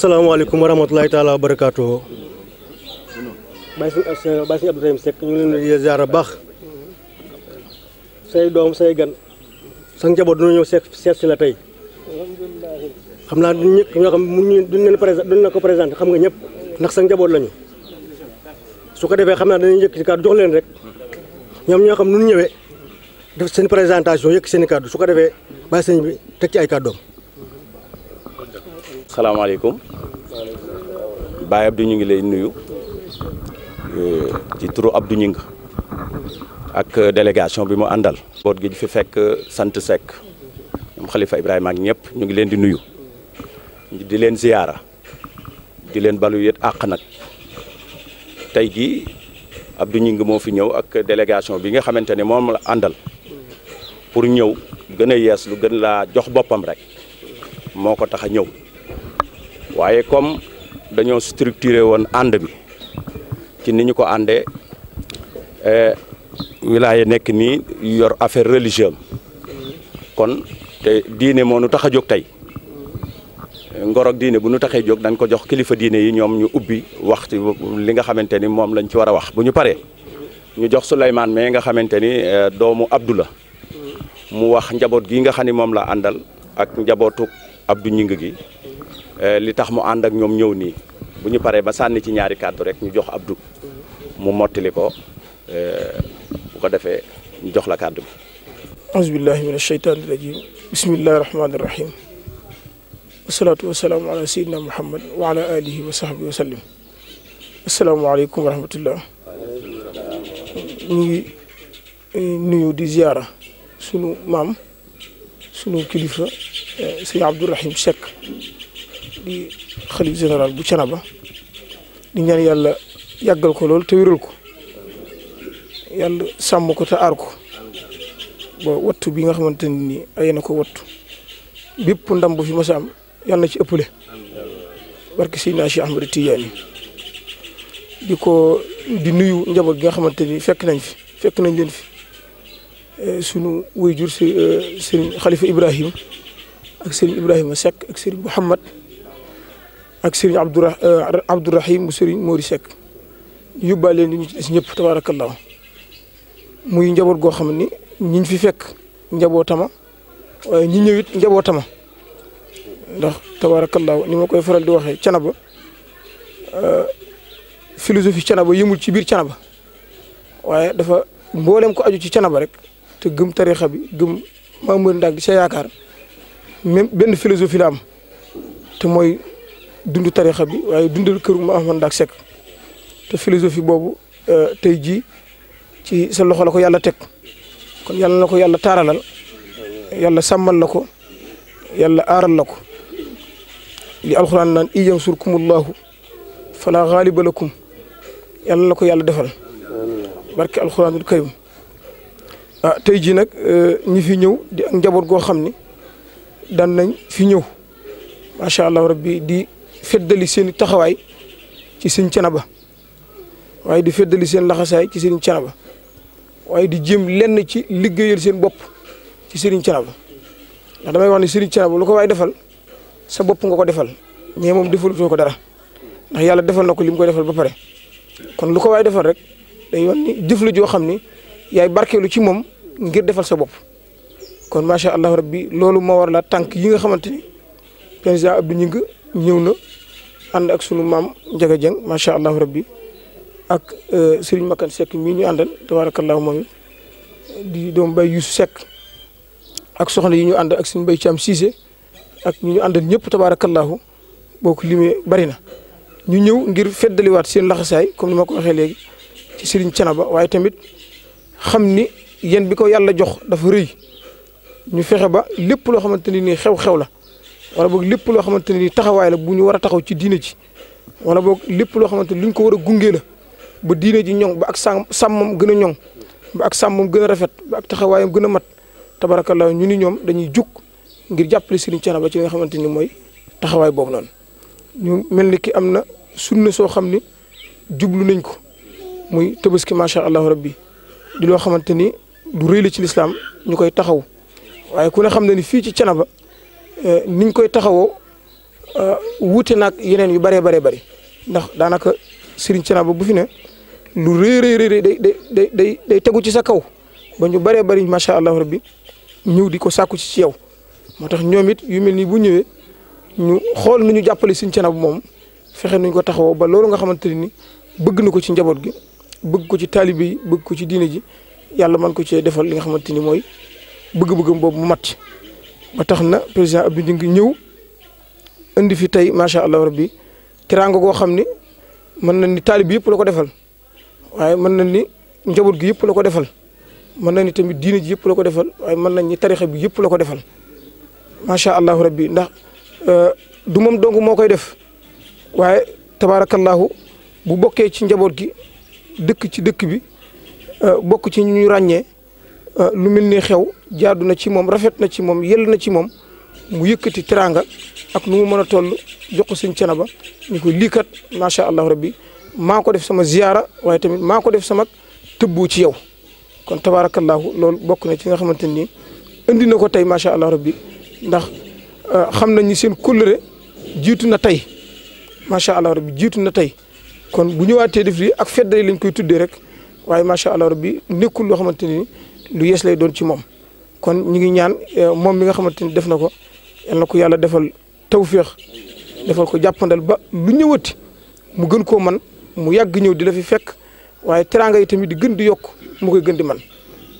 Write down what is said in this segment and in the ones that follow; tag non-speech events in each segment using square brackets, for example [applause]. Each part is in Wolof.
salaamaaleykum wa rahmatulahi taala wa barakaatu. bàyyi suñu bàyyi suñu Abdou Rahim Seck baax say doom say gan sa njaboot dina ñëw seet seet si la tey xam naa duñ ñëpp ñoo xam ne duñ leen présent duñ leen ko présenté xam nga ñëpp ndax sa njaboot lañu su ko defee xam naa dañuy yëkkati kàddu jox leen rek ñoom ñoo xam nu ñëwee def seen présentation yëkk seen i kàddu su ko defee bàyyi sëñ bi teg ci ay kàddoom. salaamaaleykum Baye Abdou ñu ngi lay nuyu euh, ci turu Abdou Ñing ak euh, délégation bi mu àndal. boot gi fi fekk euh, sant Seck ñoom Khalifa Ibrahima ak ñëpp ñu ngi leen di nuyu di leen ziyaara di leen balu yët àq nag tey jii Abdou Ñing moo fi ñëw ak délégation bi nga xamante ne moom la àndal pour ñëw gën a yees lu gën laa jox boppam rek moo ko tax a ñëw. waaye comme dañoo structuré woon ànd bi ci ni ñu ko àndee eh, wilaya nekk nii yor affaire religieuse kon te diine moo nu tax a jóg tey ngorog diine bu nu taxee jóg dañ ko jox kilifa diine yi ñoom ñu ubbi waxtu li nga xamante ni moom lañ ci war a wax bu ñu paree ñu jox Souleymane mais nga xamante ni eh, doomu Abdou la mu wax njaboot gi nga xam ni moom la àndal ak njabootu Abdou Ñing gi Eh, li tax mu ànd ak ñoom ñëw nii bu ñu paree ba sànni ci ñaari kàddu rek ñu jox Abdou mu mottali ko eh, bu ko defee ñu jox la kàddu bi aousubillahi min asheytaani irajim bismillahi rahmaani irahim wasalaatu wasalaamu ala seydina ñu eh, nuyu di ziara sunu maam sunu kilifa sëñ Abdourahim Seck di xalif général bu Thiénaba di ñaan yàlla yàggal ko lool te wéral ko yàlla sàmm ko te aar ko ba wattu bi nga xamante ne nii ko wattu bépp ndam bu fi mos a am yàlla na ci ëppale barke Seydina Cheikh Ahmadou Tidiane di ko di nuyu njaboot gi nga xamante ni fekk nañ fi fekk nañ leen fi eh, sunu waajur si eh, sëriñ Xalifa Ibrahim ak sëriñ Ibrahima Seck ak sëriñ Mouhamad ak sëriñ Abdoura euh, Abdourahim mu sëriñ Mori Seck yóbbaale leen ñu ci des ñëpp tabaarakallaahu muy njaboot goo xam ni ñiñ fi fekk njabootama waaye ñi ñëwit it njabootama ndax tabaarakallaahu ni ma koy faral di waxee canaba euh, philosophie canaba yëmul ci biir canaba waaye dafa mboolem ko aju ci canaba rek te gëm tarixa bi gëm Mamour Ndak di sa yaakaar même benn philosophie la am te mooy. dund tarixa bi waaye dundal kër ma Ahmad Ndack Seck te philosophie boobu euh, tey jii ci sa loxo la ko yàlla teg kon yàlla na ko yàlla taaralal yàlla sàmmal la ko yàlla aaral la ko li alxuraan naan i yansurkumullaahu falaa xaaliba lakum yàlla na ko yàlla defal barke alxuraanul karim ah tey jii nag euh, ñi fi ñëw di ak njaboot goo xam ni daan nañ fi ñëw macha allah rabbi di feddali seen taxawaay ci sëñ Thiénaba waaye di feddali seen laxasaay ci sëriñ Thiénaba waaye di jéem lenn ci liggéeyal seen bopp ci sëriñ Thiénaba ndax damay wax ne sëriñ Thiénaba lu ko waay defal sa bopp nga ko defal mais moom defalutoo ko dara ndax yàlla defal na ko li koy defal ba pare kon lu ko waay defal rek day wax ni jëf la joo xam ni yaay barkeelu ci moom ngir defal sa bopp kon macha allah rabbi loolu moo war la tànk yi nga xamante ni président Abdou Gningue na ànd ak sunu maam Njaga Jeng macha allah rabbi ak euh, sëriñ Makan Seck mii ñu àndal tabarakallahu moom di doom bay Yuusu Seck ak soxna yi ñu ànd ak suñu mbay Caam Siise ak ñu ñu àndal ñëpp tabarakallahu boo ko limee bari na ñu ñëw ngir feddaliwaat seen laxasaay comme ni ma ko waxee léegi ci sëriñ ba waaye tamit xam ni yéen bi ko yàlla jox dafa rëy ñu fexe ba lépp loo xamante ni nii xew-xew la wala boog lépp loo xamante ne ni taxawaay la bu ñu war a taxaw ci diine ji wala boog lépp loo xamante ni lu ñu ko war a gungee la ba diine ji ñoŋ ba ak sàmm sàmmam gën a ñoŋ ba ak sàmmam gën a rafet ba ak taxawaayam gën a mat tabarakallaa ñu ni ñoom dañuy jug ngir jàppale Serigne Thiénaba ci li nga xamante ni mooy taxawaay boobu noonu ñu mel ni ki am na sunna soo xam ni jublu nañ ko muy tabaski macha allahu rabbi di loo xamante ni du rëy la ci lislaam ñu koy taxaw waaye ku ne xam na fii ci Thiénaba Eh, niñ koy taxawoo eh, wute nag yeneen yu bëree bare bari ndax daanaka Serigne Thiénaba bu fi ne lu rëy rëy rëy day tegu ci sa kaw ba ñu bëree bari macha allah rabbi ñëw di ko sàkku ci ci yow moo tax ñoom it yu mel nii bu ñëwee ñu xool nu ñu jàppale Serigne Thiénaba moom fexe nuñ ko taxawoo ba loolu nga xamante ne ni bëgg na ko ci njaboot gi bëgg ko ci taalibe yi bëgg ko ci diine ji yàlla mën ko cee defal li nga xamante ni mooy bëgg-bëggam boobu mu mat ba tax na président Abdou Diouf ngi ñëw indi fi tey macha allah rabbi teraanga goo xam ni mën na ni taalib yëpp la ko defal waaye mën na ni njaboot gi yëpp la ko defal mën na ni tamit diine yëpp la ko defal waaye mën nañ ni tarixa bi yëpp la ko macha allah rabbi ndax euh, du moom dong moo koy def waaye tabaarakallahu bu bokkee ci njaboot gi dëkk ci dëkk bi euh, bokk ci ñu ràññee. Euh, lu mel ni xew jaadu na ci moom rafet na ci moom yell na ci moom mu yëkkati teraanga ak nu mu mën a toll jox ko sëñ Thiénaba ñu koy liikat macha allah rabbi maa ko def sama ziyaara waaye tamit maa ko def sama tëbbu ci yow kon tabaarakallaahu loolu bokk na ci nga xamante ni indi na ko tey macha allah rabbi ndax euh, xam nañ ni seen kóllëre jiitu na tey macha allah rabbi jiitu na tey kon bu ñëwaatee def lii ak fedd lañ koy tuddee rek waaye macha allah rabbi nekkul loo xamante ni. lu yees lay doon ci moom kon ñu ngi ñaan euh, moom mi nga xamante ni def na ko na ko yàlla defal tawféex defal ko jàppandal ba lu ñëwati mu gën koo man mu yàgg ñëw di la fi fekk waaye teraanga yi tamit di gën di yokk mu koy gën di man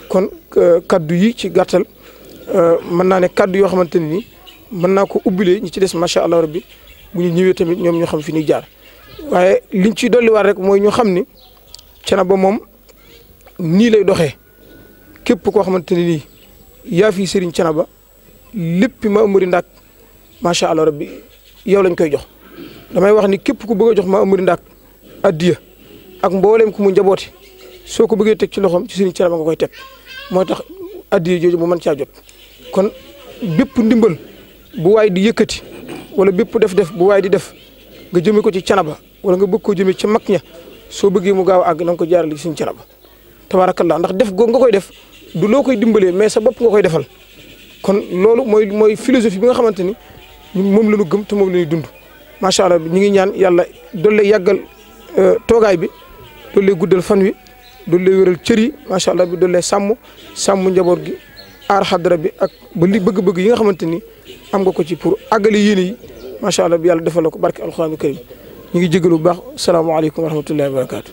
kon euh, kàddu yi ci gàttal euh, mën naa ne kaddu yoo xamante ne ni mën naa ko ubbilee ñi ci des macha allah rabbi bu ñu ñëwee tamit ñoom ñoo xam fi ñuy jaar waaye liñ ci dolliwaat rek mooy ñu xam ni ba moom nii lay doxee. képp koo xamante ne nii yaa fi Serigne Thiénaba lépp ma amari ndaak macha allah rabbi yow lañ koy jox damay wax ni képp ku bëgg jox ma amari ndaak addiya ak mbooleem ku mu njabooti soo ko bëggee teg ci loxoom ci Serigne Thiénaba nga koy teg mooy tax addiya jooju mu mën caa jot kon bépp ndimbal bu waay di yëkkati wala bépp def-def bu waay di def nga jëme ko ci Thiénaba wala nga bëgg koo jëme ci mag ña soo bëggee mu gaaw a àgg na nga ko jaarale ci Serigne Thiénaba tabarakallah ndax def googu nga koy def du loo koy dimbalee mais sa bopp nga koy defal kon loolu mooy mooy philosophie bi nga xamante ni moom la ñu gëm te moom la ñuy dund macha allah ñu ngi ñaan yàlla doole yàggal euh, toogaay bi doole guddal fan wi doole wéral cër yi macha allah bi doole sàmm sàmm njaboot gi aar xadara bi ak ba li bëgg-bëgg yi nga xamante ni am nga ko ci pour àggale yéene yi macha allah bi yàlla defal ko barke alxuraanu karim ñu ngi jégalu bu baax salaamaaleykum wa rahmatullahi wa barakaatu.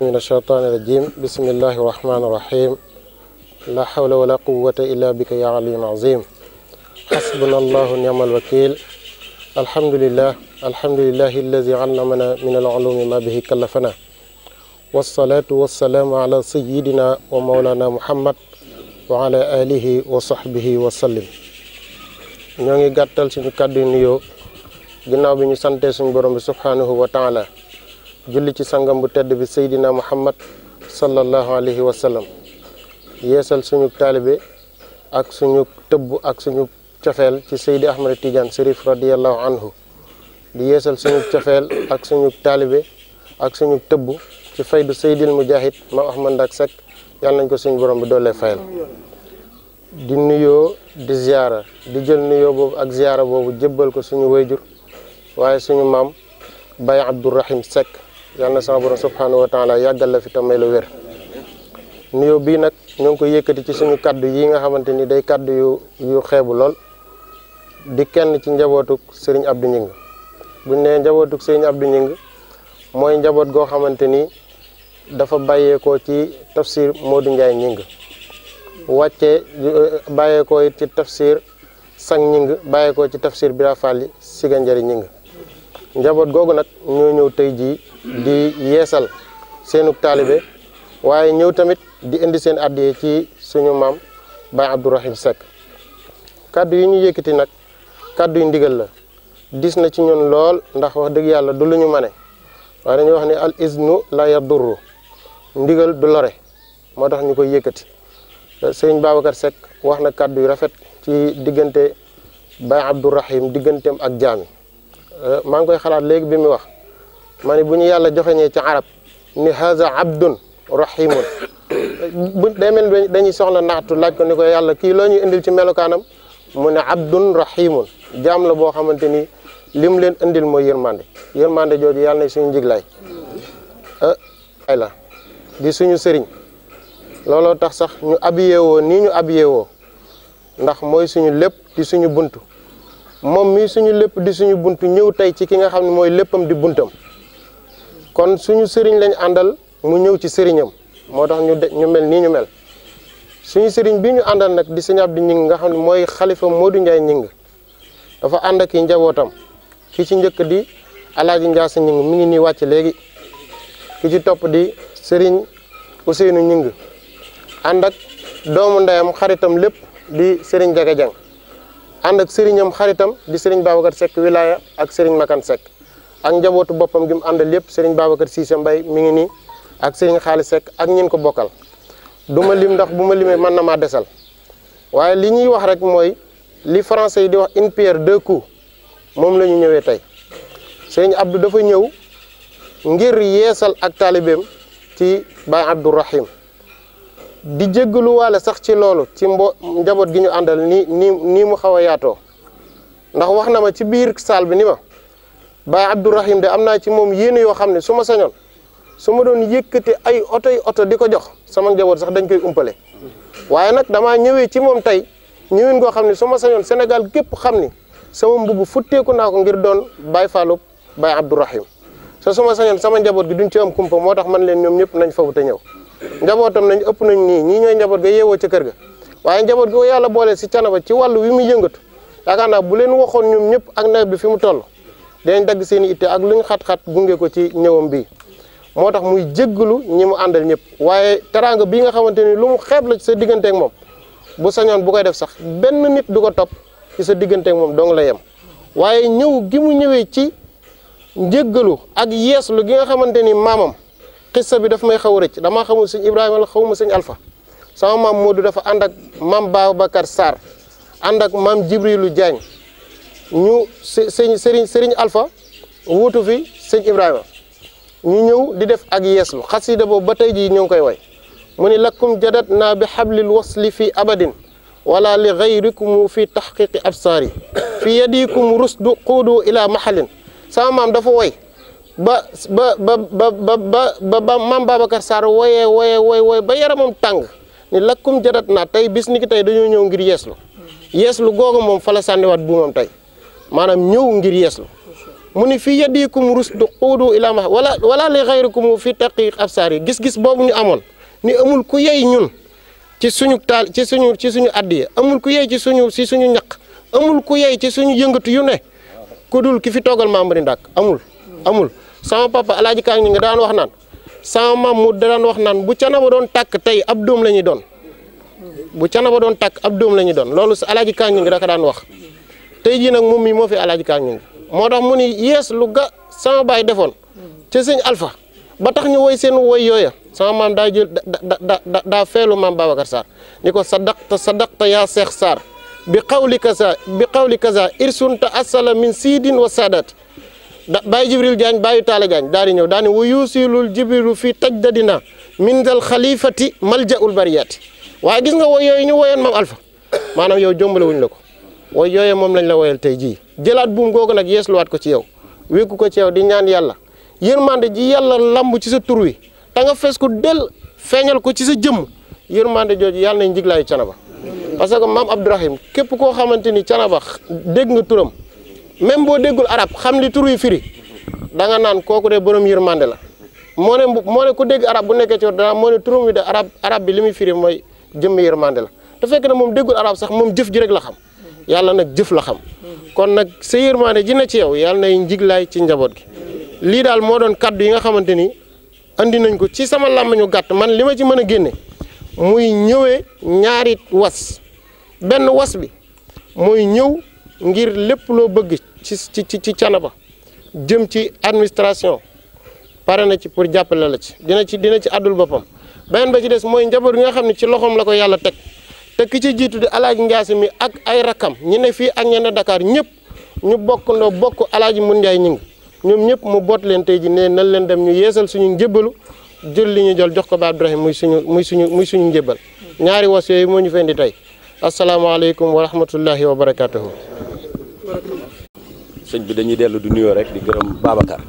min ashaytaani rajim bismillahi la xawla wala quwata illa bika ya aliyun azim xasbuna allahu niama alwakil alhamdulilah alhamdulilah alladi allamana min alulumi ma bihi kallafana wasalaatu wasalaamu ala sayidina wa maulana muhammad wa ala alihi wa sahbihi wa sallim ñoo ngi gàttal suñu kàddu nuyoo ginnaaw bi ñu santee suñu borom bi subhaanahu wa taala julli ci sangam bu tedd bi saydina muhammad sallallahu alayhi wa sallam yeesal suñu taalibe ak suñu tëbb ak suñu cofeel ci Seydi Ahmada Tidiane Chérif radiallahu anhu di yeesal suñu cofeel ak suñu taalibe ak suñu tëbb ci faydu Seydil Mujahid ma Ahmad Ndak Seck yàlla nañ ko suñu borom bi doolee fayal di nuyoo di ziyaara di jël nuyoo boobu ak ziyaara boobu jébbal ko suñu wayjur waaye suñu maam Baye Abdourahim Seck yàlla na sama borom subhanahu wa taala yàggal la fi tamay la wér nuyoo bii nag ñoo ngi koy yëkkati ci suñu kàddu yi nga xamante ni day kàddu yu xeebu lool di kenn ci njabootuk sëriñ Abdou Gningue buñ nee njabootuk sëriñ Abdou Gningue mooy njaboot goo xamante ni dafa bàyyeekoo ci tafsir Modou Ndiaye wàcce euh, bàyyeekoo it ci tafsir Sang Gningue bàyyeekoo ci tafsir Bira Fally Siga Njari Gningue njaboot googu nag ñoo ñëw tey jii di yeesal seenuk taalibe waaye ñëw tamit di indi seen addiye ci suñu maam Baye Abdourahim Seck kàddu yi ñu yëkkati nag kàddu yu ndigal la dis na ci ñun lool ndax wax dëgg yàlla du lu ñu mane waa dañuy wax ne al iznu la yadurru ndigal du lore moo tax ñu koy yëkkati sëriñ Babacar Seck wax na kàddu yu rafet ci diggante Baye Abdourahim digganteem ak jaami euh, maa ngi koy xalaat léegi bi mu wax ma ne bu ñu yàlla joxeñee ci arab ni haza abdun rahimun bu day mel dañuy soxla naxtu laaj ko ni ko yàlla kii loo ñuy indil ci melokaanam mu ne abdun rahimun jaam la boo xamante ni lim leen indil mooy yërmande yërmande jooju yàlla na suñu njiglaay eh, la di suñu sëriñ looloo tax sax ñu abiyee woo nii ñu abiyee woo ndax mooy suñu lépp di suñu bunt moom mii suñu lépp di suñu bunt ñëw tey ci ki nga xam ne mooy léppam di buntam kon suñu sëriñ lañu àndal mu ñëw ci sëriñam moo tax ñu de mel nii ñu mel suñu sëriñ bi ñu àndal nag di sëñ Abdou Gningue nga xam ne mooy xalifa Modou Ndiaye Gningue dafa ànd ak i njabootam ki ci njëkk di Alaaji Ndiasse Gningue mi ngi nii wàcc léegi ki ci topp di sëriñ Ousseynou Gningue ànd ak doomu ndeyam xaritam lépp di sëriñ Jaga ànd ak sëriñam xaritam di sëriñ Babacar Seck wilaya ak sëriñ Makan Seck ak njabootu boppam gi mu àndal lépp sëriñ Babacar Cissé Mbaye mi ngi nii ak sëriñ xaalis Seck ak ñin ko bokkal du ma lim ndax bu ma limee mën na maa desal waaye li ñuy wax rek mooy li français yi di wax une pierre deux coups moom la ñëwee tey sëriñ Abdou dafa ñëw ngir yeesal ak taalibeem ci Baay Abdourahim di jéggaluwaale sax ci loolu ci mbo njaboot gi ñu àndal nii nii mu xaw a yaatoo ndax wax na ma ci biir saal bi ni ma Baay Abdourahim de am naa ci moom yéen yoo xam ne su ma sañoon su ma doon yëkkati ay oto yi oto di ko jox sama njaboot sax dañ koy umpale waaye nag damaa ñëwee ci moom tey ñëwin goo xam ne su ma sañoon Sénégal gépp xam ni sama mbubb futteeku naa ko ngir doon Baye Fallou Baye Abdourahim so su ma sañoon sama njaboot gi duñ ci am kumpa moo tax man leen ñoom ñëpp nañ fawu te ñëw njabootam nañ ëpp nañ nii ñii njaboot ga yeewoo ci kër ga waaye njaboot gi ko yàlla boole si canaba ci wàllu wi muy yëngatu yaakaar naa bu leen waxoon ñoom ñëpp ak nawet bi fi mu toll dinañ dagg seen i ak lu ñu xat gunge ko ci ñëwam bii moo tax muy jéggalu ñi mu àndal ñëpp waaye teraanga bi nga xamante ni lu mu xeeb la ci sa digganteeg moom bu sañoon bu koy def sax benn nit du ko topp ci sa digganteeg moom dong la yem waaye ñëw gi mu ñëwee ci njéggalu ak lu gi nga xamante ni maamam xissa bi dafa may xaw a rëcc damaa xamul sëñ Ibrahima la xawma sëñ Alpha sama maam Modou dafa ànd ak maam Babacar Sarr ànd ak maam Jibrilu Diagne ñu sëñ sëriñ sëriñ Alpha wuutu fi sëñ Ibrahima ñu ñëw di def ak yeeslu xasida boobu ba tey jii ñu ngi koy way mu ni lakkum jadat naa bi xablil wasli fi abadin wala li gayrikum fi taxqiqi absaar yi fi yadikum rusdu xuudu ila mahalin sama maam dafa way ba ba ba ba ba ba maam Babacar Sarr woyee woyee woy woy ba yaramam tàng ni lakkum jadat naa tey bis ni tey dañoo ñëw ngir yeeslu yeeslu googu moom fa la sànniwaat buumam tey maanaam ñëw ngir yeeslu mu ni fii yadikum rusdu quudu ila ma wala wala li xayrikum fi taqiq absaar yi gis-gis boobu ñu amoon ni amul ku yey ñun ci suñu taal ci suñu ci suñu addiya amul ku yey ci suñu si suñu ñaq amul ku yey ci suñu yëngatu yu ne ku dul ki fi toogal Maamari Ndak amul amul sama papa alaaji kaa ñi nga daan wax naan sama maam mu daan wax naan bu canaba doon tàkk tey ab doom la ñuy doon bu canaba doon tàkk ab doom lañu doon loolu sa alaaji kaa ñi nga daka daan wax tey ji nag moom mii moo fi alaaji kaa moo tax mu ni yees lu ga sama baay defoon ci sëñ Alpha ba tax ñu woy seen woy yooya sama maam daa jël da da daa feelu maam Babacar Sarr ni ko sadaqta sadaqta yaa Seex Sarr bi qawli kaza bi qawli kaza irsunta asala min siidin wa saadaati da Baye Jibril Diagne Baye Talla Diagne daal di ñëw daal di wa yuusilul jibrilu fii tajdadina min dal xalifati maljaul bariyaati waa gis nga woy yooyu ñu woyoon maam alfa maanaam yow jëmbale wuñ la ko way yooyee moom lañ la woyal tey jii jëlaat buum googu nag luwaat ko ci yow wékku ko ci yew di ñaan yàlla yërmande ji yàlla lamb ci sa tur wi ta nga fees ko del feeñal ko ci sa jëmm yërmande jooju yàlla nañ jiglaayu canaba parce que maam Abdourahim képp koo xamante ni canaba dégg nga turam même boo déggul arab xam li tur wi firi da nga naan kooku de borom yërmande la moo ne moo ne ku dégg arab bu nekkee ci wàllu dara moo ne turam wi de arab bi li muy firi mooy jëmm yërmande la te fekk na moom déggul arab sax moom jëf ji rek la xam. yàlla nag jëf la xam kon nag sa yërmaande ji na ci yow yàlla nay njiglaay ci njaboot gi lii daal moo doon kàddu yi nga xamante ni andi nañ ko ci sama làmmiñu gàtt man li ma ci mën a génne muy ñëwee ñaari was benn was bi mooy ñëw ngir lépp loo bëgg ci ci ci Thiénaba jëm ci administration pare na ci pour jàppale la ci dina ci dina ci àddul boppam beneen ba ci des mooy njaboot yi nga xam ne ci loxoom la ko yàlla teg te ki ci jiitu di alaaji Ndiass mi ak ay rakam ñi ne fii ak ñenn dakaar ñëpp ñu bokkandoo bokk alaaj Mun Njaay ñi ñoom ñëpp mu boot leen tey ji ne nan leen dem ñu yeesal suñu njébbalu jël li ñu jël jox ko ba muy suñu muy suñu muy suñu njébbal ñaari was moo ñu fee indi tey asalaamaaleykum wa rahmatullahi wa barakatuhu sëñ bi dañuy dellu du nuyoo rek di gërëm Babacar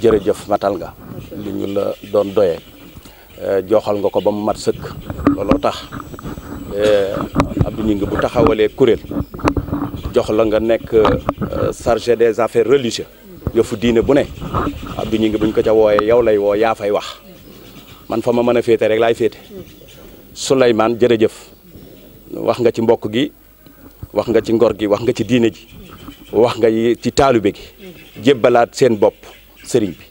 jërëjëf matal nga doon doyee eh, joxal nga ko ba mu mat sëkk looloo tax Eh, Abdou Gningue bu taxawalee kuréel jox la nga nekk euh, chargé des affaires religieuses yëfu diine bu ne Abdou Gningue buñ ko ca wooyee yow lay woo yaa fay wax man fa ma mën a féete rek laay féete Souleymane jërëjëf wax nga ci mbokk gi wax nga ci ngor gi wax nga ci diine ji wax nga ci taalu taalibe gi jébbalaat seen bopp sëriñ bi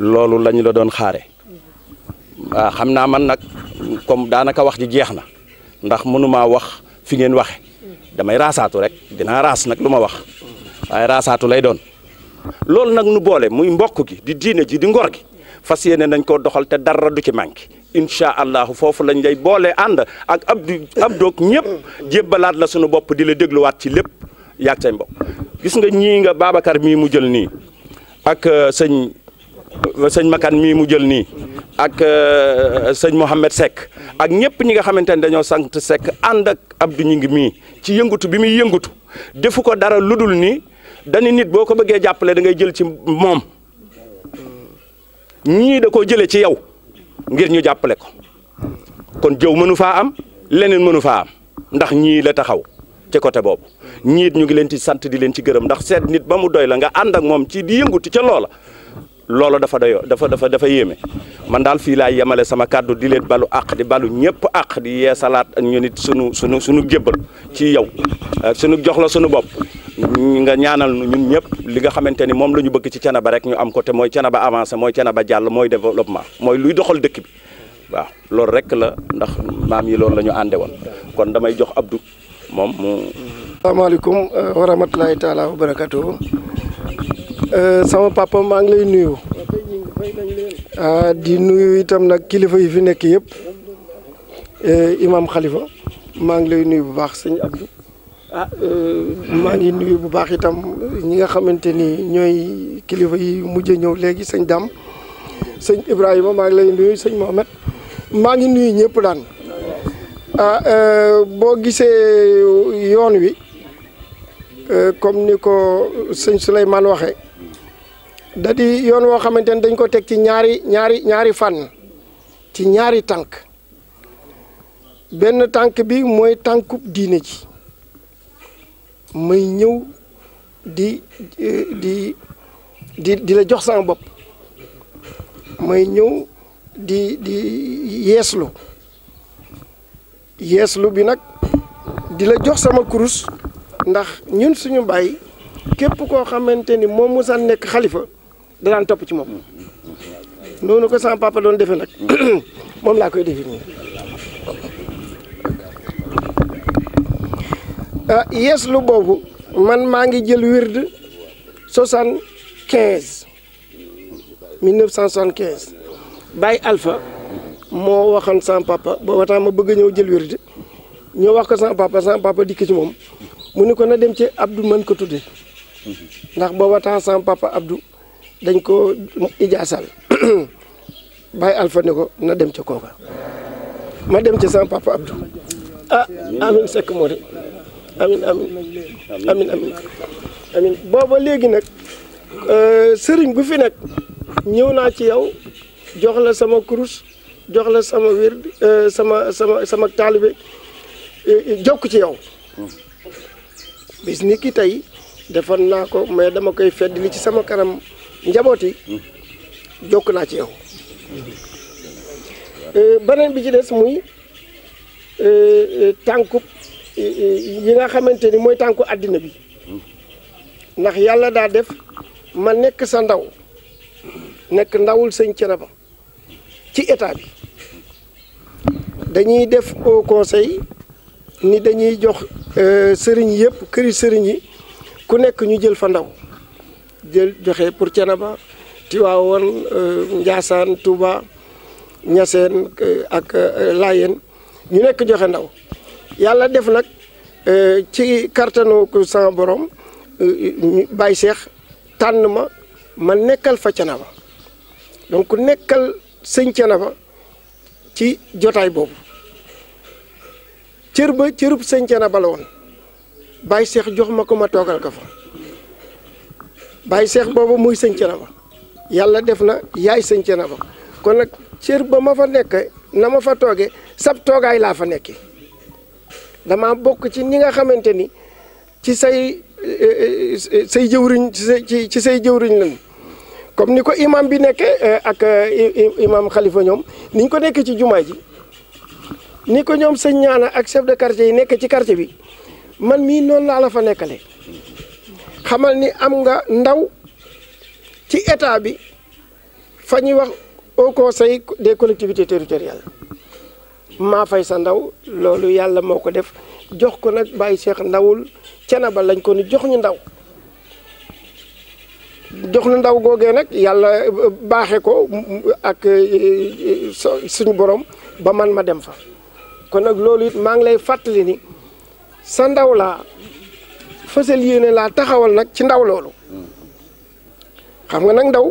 loolu lañu la doon xaare waaw ah, xam naa man nag comme daanaka wax ji jeex na ndax mënumaa wax fi ngeen waxe damay rasaatu rek dinaa raas nag lu ma wax waaye raasaatu lay doon loolu nag nu boole muy mbokk gi di diine ji di ngor gi fas yéene nañ koo doxal te dara du ci manqué incha allahu foofu lañ lay boole ànd ak abdu abdoog ñëpp jébbalaat la suñu bopp di la dégluwaat ci lépp yaag say mbokk gis nga ñii nga Babacar mii mu jël nii ak euh, sëñ sëñ Makan mii mu jël nii ak euh, sëñ Mohamed Seck ak ñëpp ñi nga xamante ne dañoo sant sekk ànd ak Abdou ñu ngi mii ci yëngatu bi muy yëngatu defu ko dara ludul nii dañu nit boo ko bëggee jàppale da ngay jël ci moom ñii da koo jëlee ci yow ngir ñu jàppale ko kon jëw mënu faa am leneen mënu faa am ndax ñii la taxaw ci côté boobu ñiit ñu ngi leen ci sant di leen ci gërëm ndax seet nit ba mu doy la nga ànd ak moom ci di yëngatu ca loola loolu dafa doyo dafa dafa dafa yéeme man daal fii laay yemale sama kàddu di leen balu àq di balu ñëpp àq di yeesalaat ak ñu nit sunu sunu sunu jébbal ci yow euh, sunu jox la sunu bopp nga ñaanal ñun ñëpp li nga xamante ni moom la ñu bëgg ci Thiénaba rek ñu am ko te mooy Thiénaba avancé mooy Thiénaba jàll mooy développement mooy luy doxal dëkk bi waaw loolu rek la ndax maam yi loolu lañu ànde woon kon damay jox Abdou moom mu. asalaamaaleykum euh, wa rahmatulahi taala Euh, sama papa maa ngi lay nuyu ah, di nuyu itam nag kilifa yi fi nekk yëpp eh, imam Khalifa maa ngi lay nuyu bu baax sëñ Abdou ah, euh, maa ngi nuyu bu baax itam ñi nga xamante ni ñooy kilifa yi mujj ñëw léegi sëñ Dame sëñ Ibrahima maa ngi lay nuyu sëñ Mohamed maa ngi nuyu ñëpp daan ah euh, boo gisee yoon wi comme ni ko sëñ Souleymane waxee da yoon woo xamante ni dañ ko teg ci ñaari ñaari ñaari fànn ci ñaari tànk benn tànk bi mooy tànkub diine ji may ñëw di di di di la jox sama bopp may ñëw di di yeeslu yeeslu bi nag di la jox sama kurus ndax ñun suñu bàyyi képp koo xamante ni moom musa nekk xalifa danaan topp ci moom noonu ko sama papa doon defee nag [coughs] moom laa koy définir ah yees lu boobu man maa ngi jël wird soixante quinze mille neuf cent soixante quinze Baye Alpha moo waxoon sama papa booba temps ma bëgg ñëw jël wird ñoo wax ko sama papa sama papa dikk ci moom mu ni ko na dem ci Abdou mën ko tudde mm-hmm. ndax booba temps sama papa Abdou dañ ko ijaasal [coughs] bàyyi alfa ko na dem ci kooka ma dem ci sama papa Abdou ah amin sekk moo de amin amin amin booba léegi nag euh, sëriñ gu fi nekk ñëw naa ci yow jox la sama kurus jox la sama wir euh, sama sama sama taalibe euh, jokk ci yow bis ki tey defar naa ko mais dama koy fedd li ci sama kanam njaboot yi jokk naa ci yow euh, beneen bi ci des muy euh, euh, tànku yi nga xamante ni mooy tànku àddina bi ndax yàlla daa def ma nekk sa ndaw nekk ndawul sëñ ba ci état bi dañuy def au conseil ni dañuy jox sëriñ yëpp këri sëriñ yi ku nekk ñu jël fa ndaw jël joxe pour Thiénaba Tivaouane euh, Ndiassane Touba Niassène euh, ak euh, Layène ñu nekk joxe ndaw yàlla def nag ci kartanu ku sama borom Baye Cheikh tànn ma ma nekkal fa Thiénaba donc nekkal sëñ Thiénaba ci jotaay boobu cër ba cërub sëñ Thiénaba la woon Baye Cheikh jox ma ko ma toogal ko fa bàyyi seex boobu muy sëñ Thiénaba yàlla def na yaay sëñ Thiénaba kon nag cër ba ma fa nekk na ma fa tooge sab toogaay laa fa nekkee dama bokk ci ñi nga xamante ni ci say eh, eh, eh, say jëwriñ ci ci say jëwriñ lan comme ni ko imam bi nekkee ak imam xalifa ñoom niñ ko nekk ci jumaa ji ni ko ñoom sëñ ñaana ak chef de quartier yi nekk ci quartier bi man mii noonu laa la fa nekkale xamal ni am nga ndaw ci état bi fa ñuy wax au sey de collectivités territorial maa fay sa ndaw loolu yàlla moo ko def jox ko nag bàyyi seex ndawul cena ba lañ ko ni jox ñu ndaw jox na ndaw googee nag yàlla euh, baaxe ko euh, ak euh, suñu borom ba man ma dem fa kon nag loolu it maa ngi lay fàttali ni sa ndaw laa fësal yéene laa taxawal nag ci ndaw loolu xam nga nag ndaw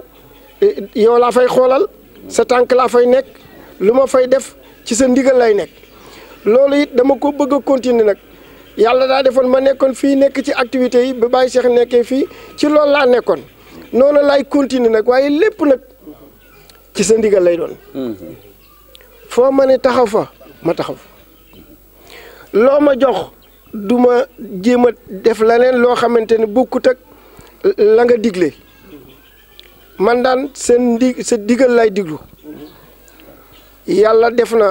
eh, yow laa fay xoolal sa tànk laa fay nekk lu ma fay def ci sa ndigal lay nekk loolu it dama ko bëgg a continuer nag yàlla daa defoon ma nekkoon fii nekk ci activités yi ba Baye Cheikh nekkee fii ci loolu laa nekkoon noonu laay continuer nag waaye lépp nag ci sa ndigal lay doon mm-hmm. foo ma ne taxaw fa ma taxaw loo ma jox du ma jéem a def leneen loo xamante ne bokkut ak la nga digle man daan seen ndi sa digal lay diglu yàlla def na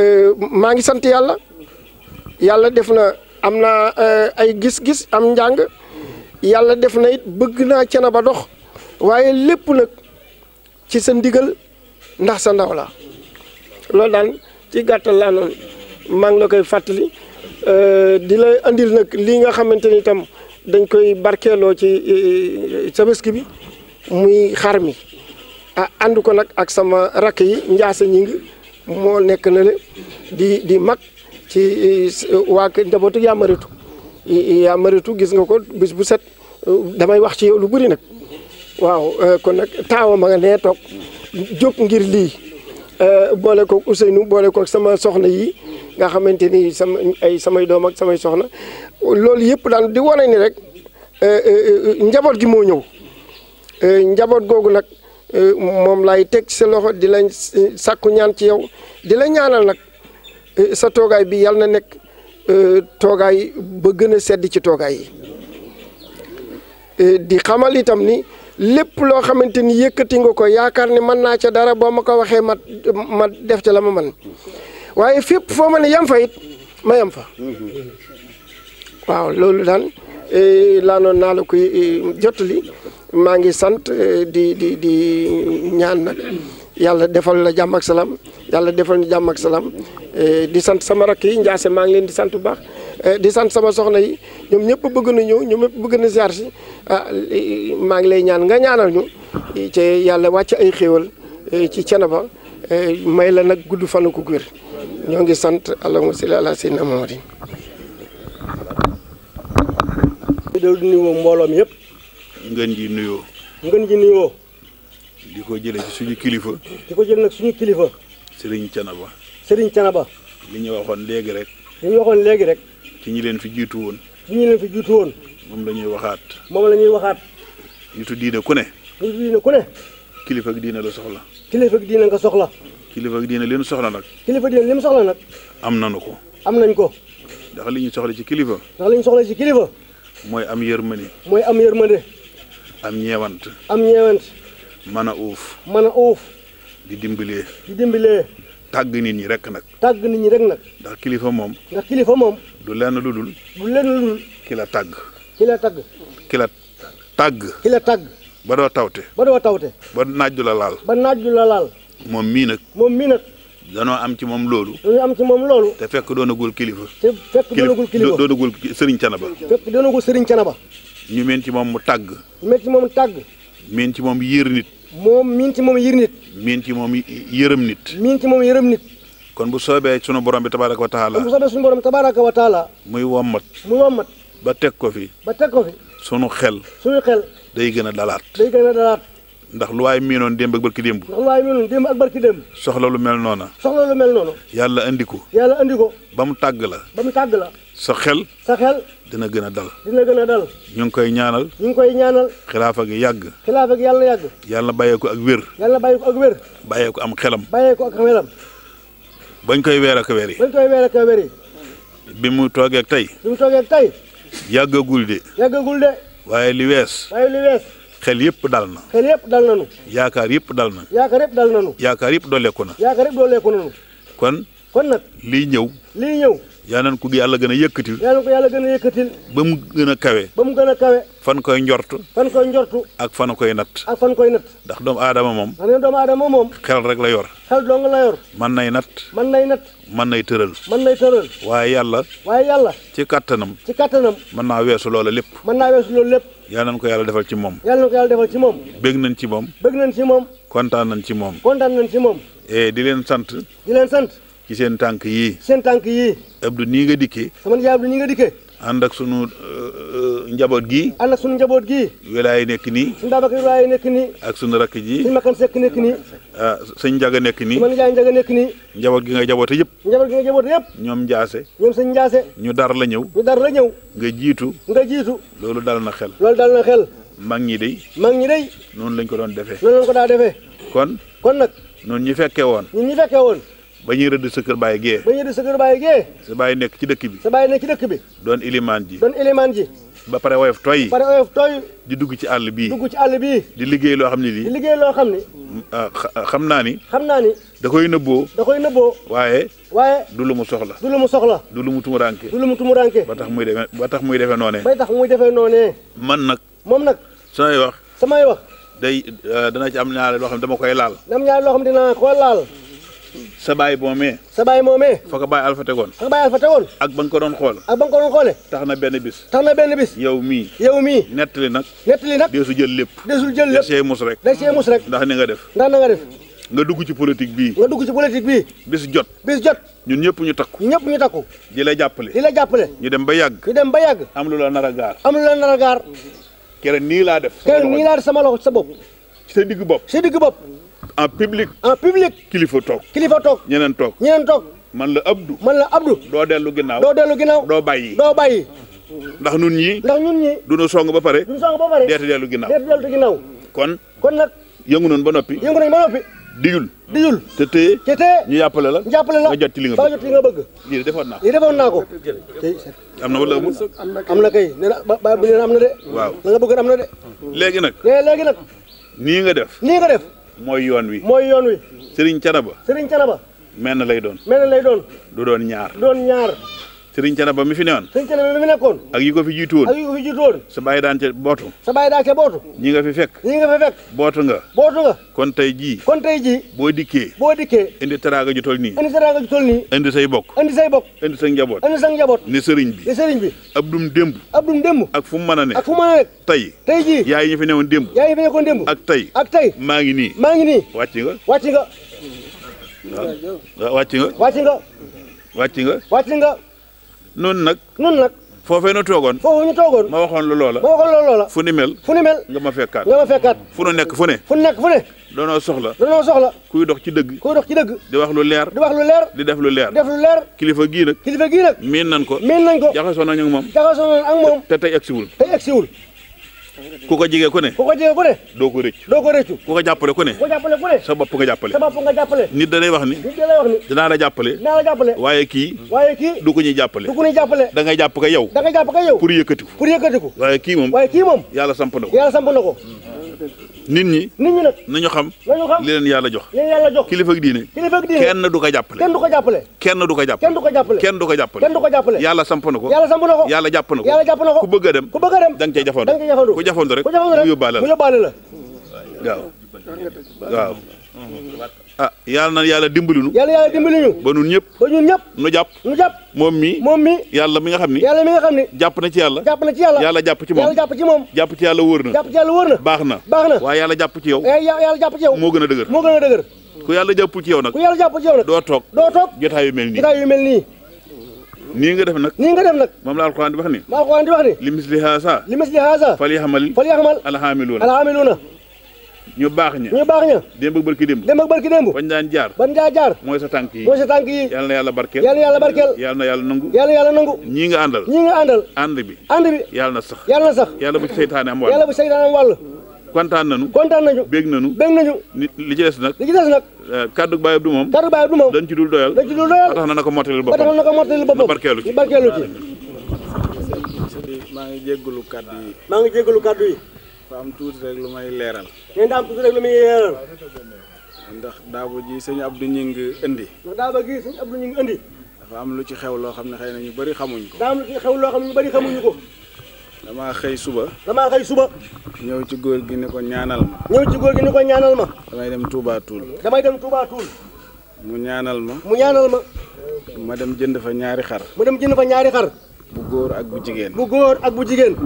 euh, maa ngi sant yàlla yàlla def na am naa euh, ay gis-gis am njàng yàlla def na it bëgg naa cana ba dox waaye lépp nag ci sa ndigal ndax sa ndaw la loolu daan ci gàttal laa noonu maa ngi la koy fàttali Euh, di la andil nag lii nga xamante ni dañ koy barkeeloo ci tabaski bi muy xar mi a ah, ànd ko nag ak sama rakk yi njaasa ñi ngi moo nekk na le di di mag ci waa njabootu yaa maritu yaa maritu gis nga ko bis bu set euh, damay wax ci yow lu bëri nag waaw euh, kon nag taawa ma nga nee toog jóg ngir lii boole koog Ousseynou boole koog sama soxna yi nga xamante ni sama ay samay doom ak samay soxna loolu yëpp daal di wane ni rek eh, eh, eh, njaboot gi moo ñëw njaboot googu nag moom lay teg sa loxo di la sàkku ñaan ci yow di la ñaanal nag sa toogaay bi yàlla na nekk toogaay ba gën a sedd ci toogaay yi di xamal itam ni lépp loo xamante ni yëkkati nga ko yaakaar ne mën naa ca dara boo ma ko waxee ma ma def ca la ma man waaye fépp foo mën a yem fa it ma yem fa waaw loolu daal eh, laanoon naa la koy eh, jotli maa ngi sant eh, di di ñaan nag yàlla defal la jàmm ak salaam yàlla defal ñu jàmm ak salaam di sant sama rakk yi Ndiasse maa ngi leen di sant bu baax di sant sama soxna yi ñoom ñëpp bëgg na ñëw ñoom ñëpp bëgg na ziar si ah maa ngi lay ñaan nga ñaanal ñu ci yàlla wàcc ay xéewal ci Thiénaba may la nag gudd fan ko wér ñoo ngi sant allahumma salli ala sayyidina Muhammadin do nuyoo mbooloom mi yëpp ngeen ji nuyoo ngeen ji nuyoo di ko jële ci suñu kilifa di ko jël nag suñu kilifa Serigne Thiénaba Serigne Thiénaba li ñu waxoon léegi rek li waxoon léegi rek ci ñi leen fi jiitu woon ci fi jiitu woon moom la ñuy waxaat moom la ñuy waxaat nitu diine ku ne nitu diine ku ne kilifa ak diine la soxla kilifa ak nga soxla kilifa diine leen soxla nag. kilifa diine leen soxla nag. am nañu ko. am nañ ko. ndax li ñu soxla ci kilifa. ndax li ñu soxla ci kilifa. mooy am yërmande. mooy am yërmande. am ñeewant. am ñeewant. mën a uuf. mën a uuf. di dimbalee. di dimbalee. tàgg nit ñi rek nag. tàgg nit ñi rek nag. ndax kilifa moom. ndax kilifa moom. du lenn lu dul. du lenn lu dul. ki la tàgg. ki la tàgg. ki la tàgg. ki la tàgg. ba doo tawte. ba doo tawte. ba naaj du la laal. ba naaj du la laal. moom mii nag. moom mii nag. danoo am ci moom loolu. am moom loolu. te fekk doonagul kilifa. te fekk doonagul kilifa doonagul sëriñ Canaba. fekk doonagul sëriñ Canaba. ñu meen ci moom mu tàgg. ñu meen ci moom tàgg. meen ci moom yër nit. moom miin ci moom yër miin ci moom yërëm nit. miin ci moom yërëm nit. kon bu soobee sunu borom bi tabaaraka wa taala. kon bu soobee sunu borom bi tabaaraka wa taala. muy womat muy wommat. ba teg ko fi. ba teg ko fi. sunu xel. sunu xel. day gën day gën a dalaat. ndax lu waaye miinoon démb ak barki démb ndax lu démb ak soxla lu mel noona soxla mel noona yàlla andi ko yàlla andi ko ba mu tàgg la ba tàgg la sa xel sa xel dina gën a dal dina gën a dal ñu ngi koy ñaanal ñu koy ñaanal xilaafa gi yàgg xilaafa gi yàlla yàgg yàlla bàyyee ko ak wér yàlla bàyyee ko ko am xelam bàyyee ko ak xelam bañ koy weer ak weer yi bañ koy weer ak weer bi mu toogee ak tey bi mu toogee tey yàggagul de yàggagul de waaye li wees waaye li wees xel yëpp dal na xel yëpp dal na nu yaakaar yëpp dal na yaakaar yëpp dal na nu yaakaar yëpp dooleeku na yaakaar yëpp dooleeku na nu kon kon nag lii ñëw lii ñëw yaa nan ko yàlla gën a yëkkatil yaa nan ko a yëkkatil ba mu gën a kawe ba mu gën a fan koy njortu fan koy njortu ak fan koy natt ak fan koy natt ndax doomu aadama moom xam ne doomu aadama moom xel rek la yor xel dong la yor man nay natt man nay natt man nay tëral man nay tëral waaye yàlla waaye yàlla ci kattanam ci kattanam mën naa weesu loola lépp man naa weesu loolu lépp yaa nan ko yàlla defal ci moom yàlla nan ko yàlla defal ci moom bég nañ ci moom bég nañ ci moom kontaan ci moom kontaan nañ ci moom eh, di leen sant di leen ci seen tànk yii. seen tànk yii. Abdou nii nga dikkee. sama nijaay Abdou nii nga dikkee. ànd ak sunu euh, njaboot gi ànd ak sunu njaboot gii. wilaay nekk nii. sunu Babacar wilaay nekk nii. ak sunu rakk ji. sunu Makan Sekk nekk nii. ah sëñ nekk ni sama nijaay Njaga nekk nii. njaboot gi nga jaboote yëpp. njaboot gi nga ñoom Njaase. ñoom sëñ Njaase. ñu dar la ñëw. ñu dar la ñëw. nga jiitu. nga jiitu. loolu dal na xel. loolu dal na xel. mag ñi day. mag ñi day. noonu lañ ko doon defee. noonu lañ ko daa defee. kon. kon nag. noonu ñu fekkee woon. ba ñuy rëdd sa kër bàyyi gee ba ñuy rëdd sa kër bàyyi gee sa bàyyi nekk ci dëkk bi sa nekk ci dëkk bi doon ilimaan ji doon ilimaan ji ba pare woyof tooy pare di dugg ci àll bii dugg ci àll bii di liggéey loo xam ne lii di liggéey loo xam ne ah, ah, xam naa ni xam naa ni da koy nëbboo da koy nëbboo waaye waaye du lu mu soxla du lu mu soxla du lu mu tumuranke du lu ba tax muy defee ba tax muy defee noonee ba tax muy defee noonee man nag moom nag samay wax samay wax day ah, dana ci am ñaare loo xam ne dama koy laal dam ñaare loo xam ko laal sa baay moomee sa baay moomee fa ko baay alfa tegoon fa ko baay alfa tegoon ak ba nga ko doon xool ak ba nga ko doon xoole tax na benn bis tax na benn bis yow mii yow mii nettali nag nettali nag deesu jël lépp deesul jël lépp da cee mus rek da cee mus rek ndax ni nga def ndax na nga def nga dugg ci politique bii nga dugg ci politique bii bis jot bis jot ñun ñëpp ñu takku ñëpp ñu takku di la jàppale di la jàppale ñu dem ba yàgg ñu dem ba yàgg am lu la nar a gaar am lu la nar a gaar kere nii laa def kere nii laa def sama loxo sa bopp sa digg bopp sa digg bopp en public. en public. kilifa toog. kilifa toog ñeneen toog. ñeneen man la Abdou. man la Abdou. doo dellu ginnaaw doo dellu ginnaaw. doo bàyyi doo bàyyi. ndax ñun ñii. ndax ñun ñii. du nu song ba pare. du nu song ba pare deeti dellu ginnaaw. deeti dellu ginnaaw. kon. kon nag yëngu nañu ba noppi. yëngu nañu ba noppi. digul. digul te te téye ñu jàppale la. ñu jàppale la nga jot ci li nga bëgg. nga bëgg. lii defoon naa ko defoon naa ko. am na wala amul. am na kay nee na am na de. waaw la nga bëgg am na de. léegi nag. léegi nag. nii nga def. nii nga def. mooy yoon wi mooy yoon wi sëriñ canaba sëriñ canaba menn lay doon menn lay doon du doon ñaar doon ñaar sëriñ Thiénaba mi fi newoon sëriñ Thiénaba mi fi nekkoon ak yi ko fi jiitu woon ak yi ko fi jiitu woon sa bàyyi daan ca bootu sa bàyyi daan ca bootu ñi nga fi fekk ñi nga fi fekk bootu nga bootu nga kon tey jii kon tey jii boo dikkee boo dikkee indi teraanga ju tol nii indi teraanga ju tol nii indi say bokk indi say bokk indi sa njaboot indi sa njaboot ni sëriñ bi ni sëriñ bi ab dum démb ab dum démb ak fu mu mën a ne ak fu mu mën a ne tey tey jii yaay ñu fi newoon démb yaay ñu fi nekkoon démb ak tey ak tey maa ngi nii maa ngi nii wàcc nga wàcc nga wàcc nga wàcc nga wàcc nga nun nag nun nag foofee nu toogoon foofu ñu toogoon ma waxoon lu loola ma waxoon lu loola fu ni mel fu ni mel nga ma fekkaat nga ma fekkaat fu nu nekk fu ne fu nu nekk fu ne soxla danoo soxla kuy dox ci dëgg kuy dox ci dëgg di wax lu leer di wax lu leer di def lu leer def lu leer kilifa gii nag kilifa gii nag miin nañ ko miin nañ ko jaxasoo nañ ak moom jaxasoo nañ ak moom te tey egsiwul tey egsiwul ku ko jege ko jege ku ne. doo ko rëccu. doo ko rëccu. ku ko jàppale ko ne. sa bopp nga jàppale. nit da lay wax ni. nit da lay wax ni. dinaa la jàppale. la jàppale. waaye kii. waaye kii du ko ñuy jàppale. du ko ñuy jàppale. da ngay jàpp ka yow. da ngay jàpp ka yow. pour yëkkati ko. pour yëkkati waaye kii moom. waaye kii moom. yàlla samp na ko. yàlla samp ko. Mm. nit ñi. nit ñi nag nañu xam. nañu xam li leen yàlla jox. li leen yàlla jox kilifa ak diine. kilifa diine kenn du ko jàppale. kenn du ko jàppale. kenn du ko jàppale. kenn du ko jàppale. kenn du ko jàppale. kenn du ko jàppale. yàlla samp na ko. yàlla samp na ko. yàlla jàpp na ko. ku bëgg a dem. ku bëgg a jafandu. ku jafandu rek. mu yóbbaale la. la. waaw. ah yàlla na yàlla dimbali nu yàlla yàlla ba nun ñëpp ba ñun ñëpp nu jàpp moom mi moom mi yàlla mi nga xam ni yàlla mi jàpp na ci yàlla jàpp na ci moom jàpp ci moom jàpp na jàpp ci yàlla baax na baax na waaye yàlla jàpp ci yow yàlla moo gën a dëgër moo gën a dëgër ku yàlla jàppul ci yow nag ku yàlla jàppul ci yow nag doo toog doo toog jotaay yu mel nii nii nga def nag nii nga def nag moom la alxuraan di wax ni ma alxuraan di wax ni li misli haasa li misli haasa fal yaxmal fal yaxmal alxaamiluuna ñu baax ña ñu baax ña démb ak barki démb démb ak barki démb bañ daan jaar bañ daan jaar mooy sa tànk yi mooy sa tànk yi yàlla na yàlla barkeel yàlla na yàlla barkeel na yàlla nangu yàlla na yàlla nangu ñii nga àndal ñii nga àndal ànd bi ànd bi yàlla na sax yàlla na sax yàlla bu seytaane am wàll yàlla bu seytaane am wàll kontaan nañu kontaan nañu bég nañu bég nañu li ci des nag li ci des nag euh, kaddu baay du moom kaddu baay du moom dañ ci dul doyal dañ ci dul doyal ba tax na na ko mottalil boppam ba tax na ko mottalil boppam barkeelu ci barkeelu ci maa ngi jéggalu kaddu yi dafa am tuuti rek may leeral. nee na ndax daabo ji sëñ Abdou Ñing indi. ndax daabo gi am lu ci xew loo xam ne xëy na ñu bëri xamuñ ko. xew loo xam ne ñu bëri xamuñu ko. damaa xëy suba. damaa xëy suba. ñëw ci góor gi ni ko ñaanal ma. ñëw ci góor gi ni ko ñaanal ma. damay dem Touba Toul. damay dem Touba Toul. mu ñaanal ma. mu ñaanal ma. dem jënd fa ñaari xar. ma dem jënd fa ñaari xar. bu góor ak jigéen. bu góor ak bu jigéen.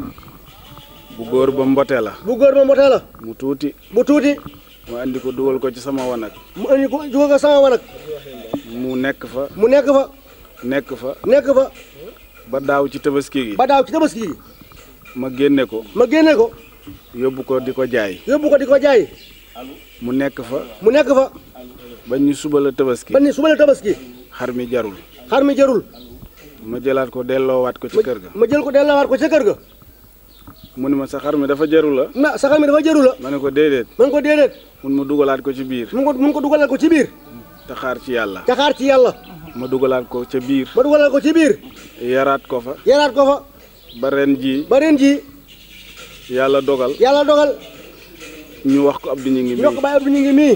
bu góor ba mbotee la bu góor ba la mu tuuti mu tuuti mu ko dugal ko ci sama wanag mu andi ko dugal ko sama wanag mu nekk fa mu nekk fa nekk fa nekk fa ba daaw ci tabaski ba daaw ma génne ko ma génne ko yóbbu ko di ko jaay yóbbu ko di ko jaay mu nekk fa mu nekk fa ba ñu suba la tabaski ba ñu tabaski xar mi jarul xar mi jarul ma jëlaat ko delloo delloowaat ko ci kër ga ma jël ko delloowaat ko ci kër ga mu ma sa xar mi dafa jaru la ma sa xar mi dafa jarula la ma ne ko déedéet ma ko déedéet mun ma dugalaat ko ci biir mun ko ko dugalaat ko ci biir taxaar ci yàlla taxaar ci yàlla ma dugalaat ko ca biir ma dugalaat ko ci biir yaraat ko fa yaraat ko fa ba jii ba ren jii yàlla dogal yàlla dogal ñu wax ko Abdou ñu ngi mii ñu wax ko Baye Abdou ngi mii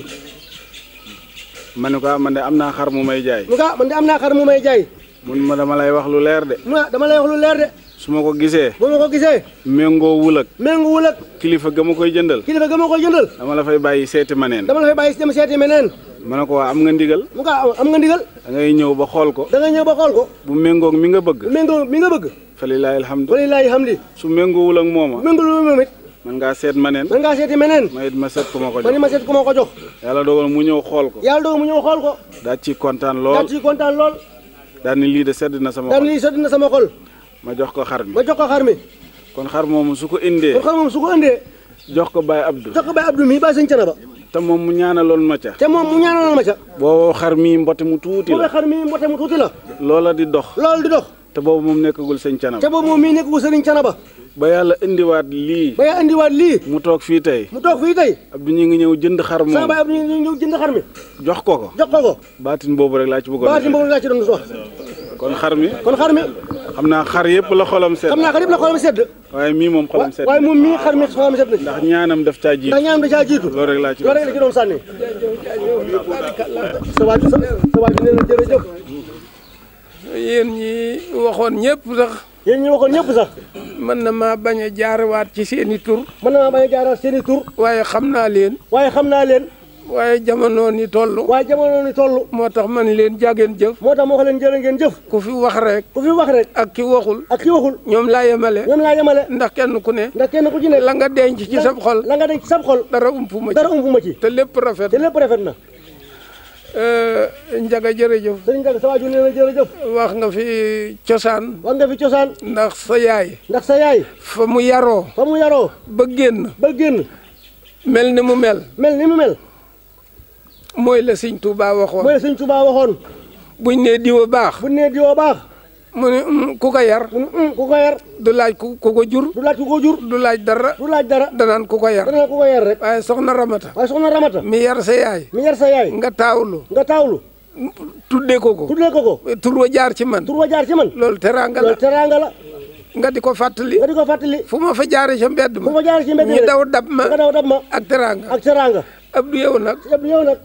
ma ne ko ah, man de am naa xar mu may jaay mu ka ah, man de am naa xar mu may jaay mun ma dama lay wax lu leer de mu ah, dama lay wax lu leer de su ma ko gisee bu ma ko gisee méngoo wul ak méngoo wul ak kilifa ga ma koy jëndal kilifa ga ma koy jëndal dama la fay bàyyi seeti ma neen dama la fay bàyyi dem seeti ma neen ma ne ko waa am nga ndigal mu ko am nga ndigal da ngay ñëw ba xool ko da ngay ñëw ba xool ko bu méngoog mi nga bëgg méngoo mi nga bëgg fa lillaahi alhamdu fa lillaahi alhamdu su méngoowul ak mooma méngoowul moom it man ngaa seet maneen man ngaa seeti meneen ma it ma seet ku ma ko jox it ma seet ku ma ko jox yàlla dogal mu ñëw xool ko yàlla dogal mu ñëw xool ko daa ci kontaan lool daa kontaan lool daal ni lii de sedd na sama xol daal sedd na sama xol ma jox ko xar mi ma jox ko xar mi kon xar moomu su ko indee kon xar moomu su ko indee jox ko Baye Abdou jox ko Baye Abdou mii Baye Sëñ Canaba te moom mu ñaanaloon ma ca moom mu ñaanaloon ma ca boobu xar mii mbote mu tuuti la xar mii mbote mu tuuti la loola di dox loola di dox te boobu moom nekkagul Sëñ Canaba te boobu moom mii nekkagul Sëriñ Canaba ba yàlla indiwaat lii ba yàlla indiwaat lii mu toog fii mu toog fii tey Abdou ñu ngi ñëw jënd xar moom sa Baye Abdou ñu ngi ñëw jënd xar mi jox ko ko jox ko baatin boobu rek laa ci bëggoon baatin boobu rek laa ci doon wax kon xar kon xar mi xam naa xar yëpp la xolam sedd. xam naa xar yëpp waaye mii moom xolam sedd. waaye moom mii xar mi xolam sedd na. ndax ñaanam daf caa jiitu. ndax ñaanam daf caa jiitu. loolu ci doon loolu rek la sa waa ji sa waa ji nee na jërëjëf. yéen waxoon ñépp sax. yéen ñi waxoon ñëpp sax. man na maa bañ a jaarawaat ci seen i tur. na maa a seen i tur. waaye xam naa leen. waaye xam naa leen. waaye jamono ni toll waaye jamono ni toll moo tax man leen jàggeen jëf moo tax moo wax leen jërë ngeen jëf ku fi wax rek ku fi wax rek ak ki waxul ak ki waxul ñoom laa yemale ñoom laa yemale ndax kenn ku ne ndax kenn ku ci langa la nga ci sab xol la nga denc ci xol dara umpu ma ci dara ma ci te lépp rafet te lépp rafet na Njaga euh, jërëjëf sëñ Njaga sa waaju nee jërëjëf wax nga fi cosaan wax nga cosaan ndax sa yaay ndax sa yaay fa mu yaroo fa mu yaroo ba ba génn mel ni mu mel mel ni mu mel mooy la sëñ Touba waxoon. mooy la sëñ Touba waxoon. buñ nee diwa baax. buñ nee diwa baax. mu ne mm, ku ko yar. Mm, ku ko yar. du laaj ku ko jur. du laaj ku ko jur. du laaj dara. du laaj dara. danaan ku ko yar. danaan ku ko yar rek. waaye soxna Ramata. waaye soxna Ramata. mi yar sa yaay. mi yar sa yaay. nga taawlu. nga taawlu. tuddee ko ko. tuddee ko ko. tur wa jaar ci man. tur wa jaar ci man. loolu teraanga la loolu teraanga la. nga di ko fàttali. nga di ko fàttali. fu ma fa jaaree ci mbedd ma. fu ma jaaree ci mbedd ma ñu daw dab ma. nga daw dab ma. ak teraanga. ak teraanga. ab du yow nag. ab du yow nag.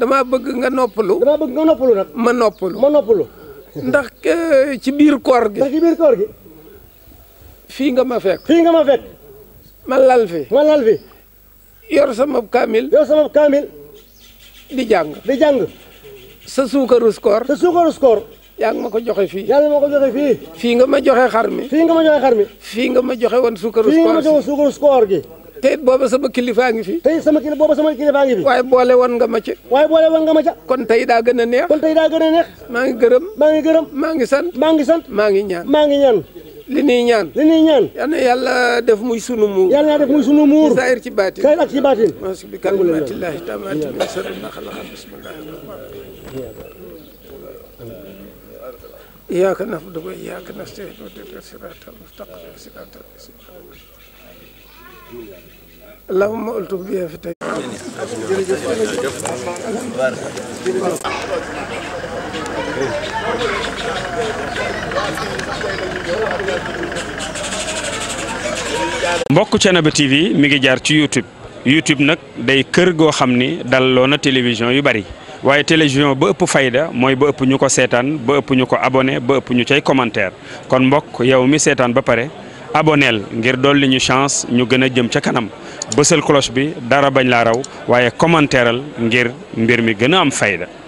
damaa bëgg nga noppalu. damaa bëgg nga noppalu nag. ma noppalu ma noppalu. ndax eh, ci biir koor gi. ndax ci biir koor gi. fii nga ma fekk. fii nga ma fekk. ma lal fi. ma lal fi. yor sama kaamil. yor sama kaamil. di jàng. di jàng. sa suukarus koor. sa suukarus koor. yaa ma ko joxe fii. yaa ngi ma ko joxe fii. fii nga ma joxe xar mi. fii nga ma joxe xar mi. fii nga ma joxe woon suukarus koor. fii nga ma gi. te it booba sama kilifaa ngi fi. sama kilifa booba sama kilifaa ngi waaye boole woon nga ma ca. waaye boole woon nga a ca. kon tey daa gën a neex. kon tey daa gën a neex. maa ngi gërëm. maa ngi gërëm. maa ngi san maa ngi sant. maa ngi ñaan. maa ngi ñaan. li nuy ñaan li nuy ñaan yal na yàlla def muy sunu muur yàlla na def muy sunu muur saayir ci baatin saayir ak ci baatin mas bi kalimatillahi taamati min sharri ma xalaqa bismillahi iyyaka na'budu wa iyyaka nasta'in ihdina siratal mustaqim siratal allahumma ultuf bi fi TV mi ngi jaar ci YouTube YouTube nag day kër goo xam ni dalloo na télévision yu bari waaye télévision ba ëpp fayda mooy ba ëpp ñu ko seetaan ba ëpp ñu ko aboné ba ëpp ñu cay commentaire kon mbokk yow mi seetaan ba pare aboneel ngir dolli ñu chance ñu gën a jëm ca kanam bësal cloche bi dara bañ la raw waaye commentéeral ngir mbir mi gën a am fayda